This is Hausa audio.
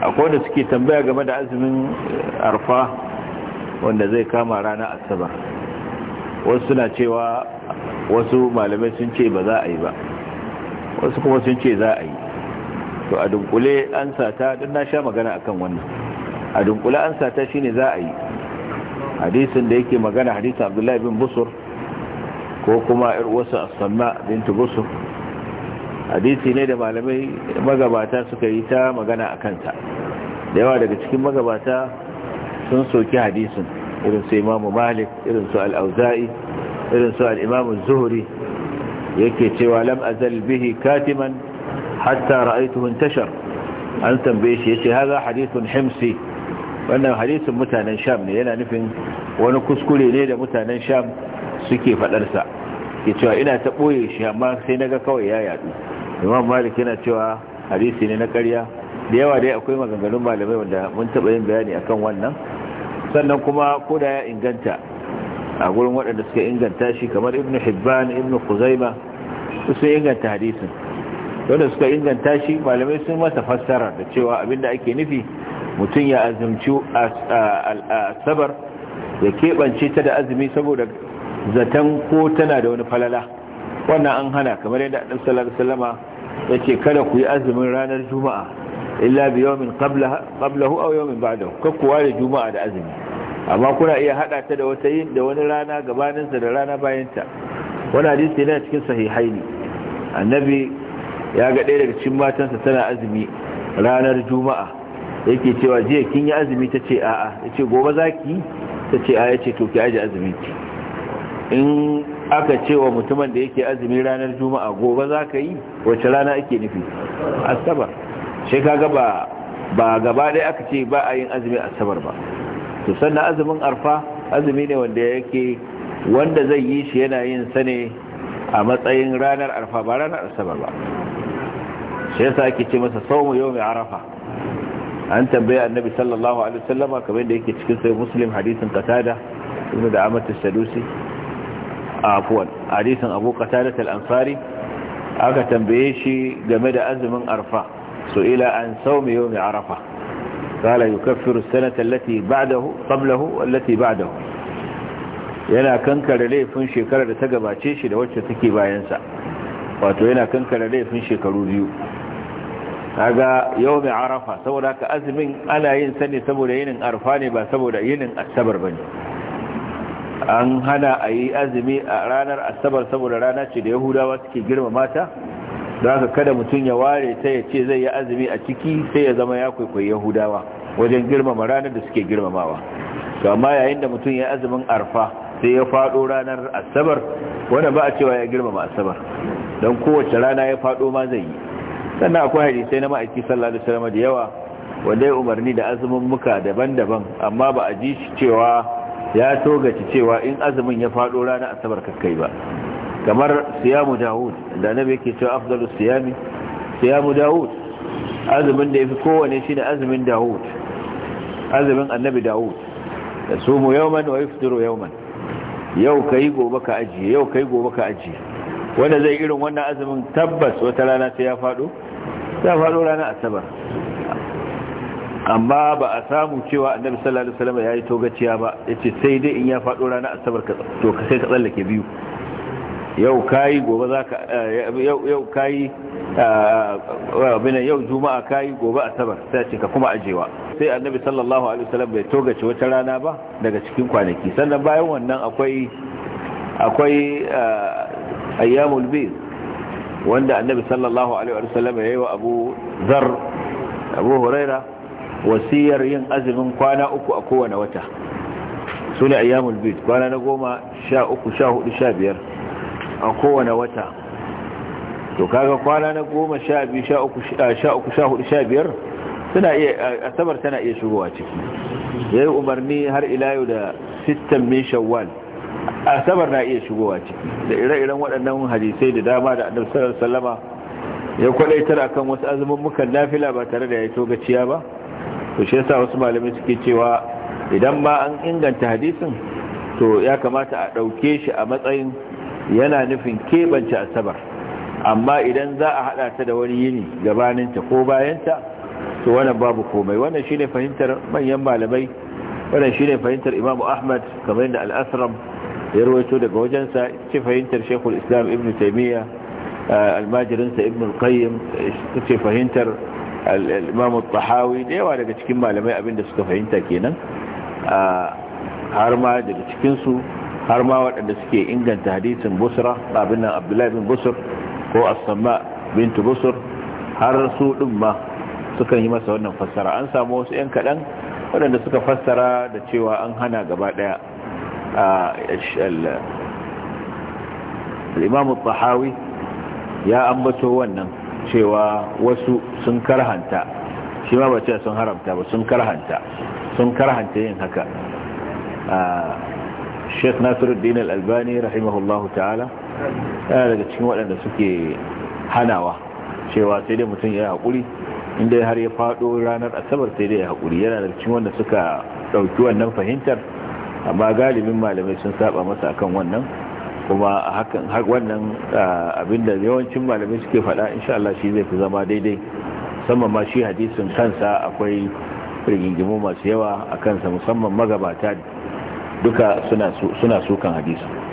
akwai da suke tambaya game da azumin eh, arfa wanda zai kama rana asabar wasu suna cewa wasu malamai sun ce ba za a yi ba wasu kuma sun ce za a yi to a dunkule an sata don na sha magana a kan wannan a dunkule an sata shine za a yi hadisun da yake magana hadisun abdullahi bin busur ko kuma irwasa asamma bin busur hadisi ne da malamai magabata suka yi ta magana a kanta da yawa daga cikin magabata sun soki hadisin irin imamu malik irin su al'auza'i irin al'imamu zuhuri yake cewa lam azal bihi katiman hatta ra'aituhu tashar an tambaye shi yace haza hadithun himsi wannan hadisin mutanen sham ne yana nufin wani kuskure ne da mutanen sham suke fadarsa ke cewa ina ta ɓoye shi amma sai na ga kawai ya yadu imam malik yana cewa hadisi ne na karya da yawa dai akwai maganganun malamai wanda mun taɓa yin bayani akan wannan sannan kuma ko da ya inganta a gurin waɗanda suka inganta shi kamar ibn hibban ibn kuzaima su inganta hadisin wanda suka inganta shi malamai sun masa fassara da cewa abinda ake nufi mutum ya azumci asabar ya keɓance ta da azumi saboda zaton ko tana da wani falala wannan an hana kamar yadda annabi sallallahu alaihi ya ce kada ku yi azumin ranar juma'a illa bi yawmin qablahu aw yawmin ba'dahu kakku ware juma'a da azumi amma kuna iya hada ta da wata yin da wani rana gabanin da rana bayan ta wani hadisi yana cikin sahihaini annabi ya ga ɗaya daga cikin matansa tana azumi ranar juma'a yake cewa jiya kin yi azumi ta ce a'a ya gobe za ki ta ce a ya to ki aji azumi in aka ce wa mutumin da yake azumi ranar juma'a gobe za ka yi wacce rana ake nufi asabar shi kaga ba ba gaba ɗaya aka ce ba a yin azumi asabar ba to sannan azumin arfa azumi ne wanda yake wanda zai yi shi yana yin sa ne a matsayin ranar arfa ba ranar asabar ba shi yasa ake ce masa saumu yau mai arafa an tambaye annabi sallallahu alaihi wasallama kamar da yake cikin sahih muslim hadisin qatada ibn da amatu sadusi afuwan hadisin abu qatadat al-ansari aka tambaye shi game da azumin arfa ila an sawmi yawm arfa qala yukaffiru as-sanata allati ba'dahu qablahu allati ba'dahu yana kankare laifin shekarar da ta gabace shi da wacce take bayan sa wato yana kankare laifin shekaru biyu kaga yawm arafa saboda ka azumin ana yin sani saboda yinin arfa ne ba saboda yinin asabar bane an hana a yi azumi a ranar asabar saboda rana ce da yahudawa suke girma mata da haka kada mutum ya ware ta ya ce zai yi azumi a ciki sai ya zama ya kwaikwayi yahudawa wajen girmama ranar da suke girmamawa to amma yayin da mutum ya azumin arfa sai ya faɗo ranar asabar wanda ba a cewa ya girmama asabar don kowace rana ya faɗo ma zai yi sannan akwai hadisai na ma'aiki sallah da da yawa wanda ya umarni da azumin muka daban-daban amma ba a ji shi cewa ya togaci cewa in azumin ya fado rana asabar kakkai ba kamar siyamu daud da nabi yake cewa afdalus siyami siyamu daud azumin da yafi kowane shine azumin daud azumin annabi mu yasumu yawman wa yaftiru yawman yau kai gobe ka ajiye yau kai gobe ka ajiye wanda zai irin wannan azumin tabbas wata rana sai ya fado? ya fado rana asabar amma ba a samu cewa annabi sallallahu alaihi wasallam yayi togaciya ba yace sai dai in ya fado rana asabar ka to sai ka tsallake biyu yau kai gobe zaka eh, yau yau kayi eh, abin yau juma'a kai gobe asabar sai ce ka kuma ajewa sai annabi sallallahu alaihi wasallam bai togace wata rana ba daga cikin kwanaki sannan bayan wannan akwai akwai eh, ayyamul bayt wanda annabi sallallahu alaihi wasallam yayi wa Abu Zar Abu Huraira wasiyar yin azumin kwana uku a kowane wata su ne ayyamul bid kwana na goma sha uku sha hudu sha biyar a kowane wata to kaga kwana na goma sha biyu sha uku sha hudu sha biyar suna iya asabar tana iya shigowa ciki ya yi umarni har ilayu da sistan min shawwal asabar na iya shigowa ciki da ire-iren waɗannan hadisai da dama da annabi salama ya kwadaitar akan wasu azumin mukan nafila ba tare da ya yi togaciya ba to shi yasa wasu malamai suke cewa idan ma an inganta hadisin to ya kamata a ɗauke shi a matsayin yana nufin keɓance asabar amma idan za a haɗa ta da wani yini gabaninta ko bayanta to wannan babu komai wannan shi ne fahimtar manyan malamai wannan shi fahimtar Imam ahmad kamar da al'asram ya rawaito daga wajensa ce fahimtar shekul islam ibn al-Majrin eh, almajirinsa ibn qayyim ce fahimtar al-imam al-tahawi da yawa daga cikin malamai abinda suka fahimta kenan har ma daga cikin su har ma waɗanda suke inganta hadisin busra abin nan abdullahi bin busr ko as bintu bint busr har su din ma suka yi masa wannan fassara an samu wasu yan kaɗan waɗanda suka fassara da cewa an hana gaba ɗaya al-imam al-tahawi ya ambato wannan cewa wasu sun karhanta shi ma ba ce sun haramta ba sun karhanta sun karhanta yin haka sheikh nasiruddin al-albani rahimahullahu ta'ala yana daga cikin waɗanda suke hanawa cewa sai dai mutum ya yi hakuri inda har ya faɗo ranar asabar sai dai ya hakuri yana daga cikin wanda suka ɗauki wannan fahimtar amma galibin malamai sun saba masa akan wannan kuma hakan wannan ah, abinda yawancin malamai suke faɗa insha Allah shi zai fi zama daidai musamman ma shi hadisin kansa akwai rigingimu masu yawa a kansa musamman magabata duka suna sukan hadisin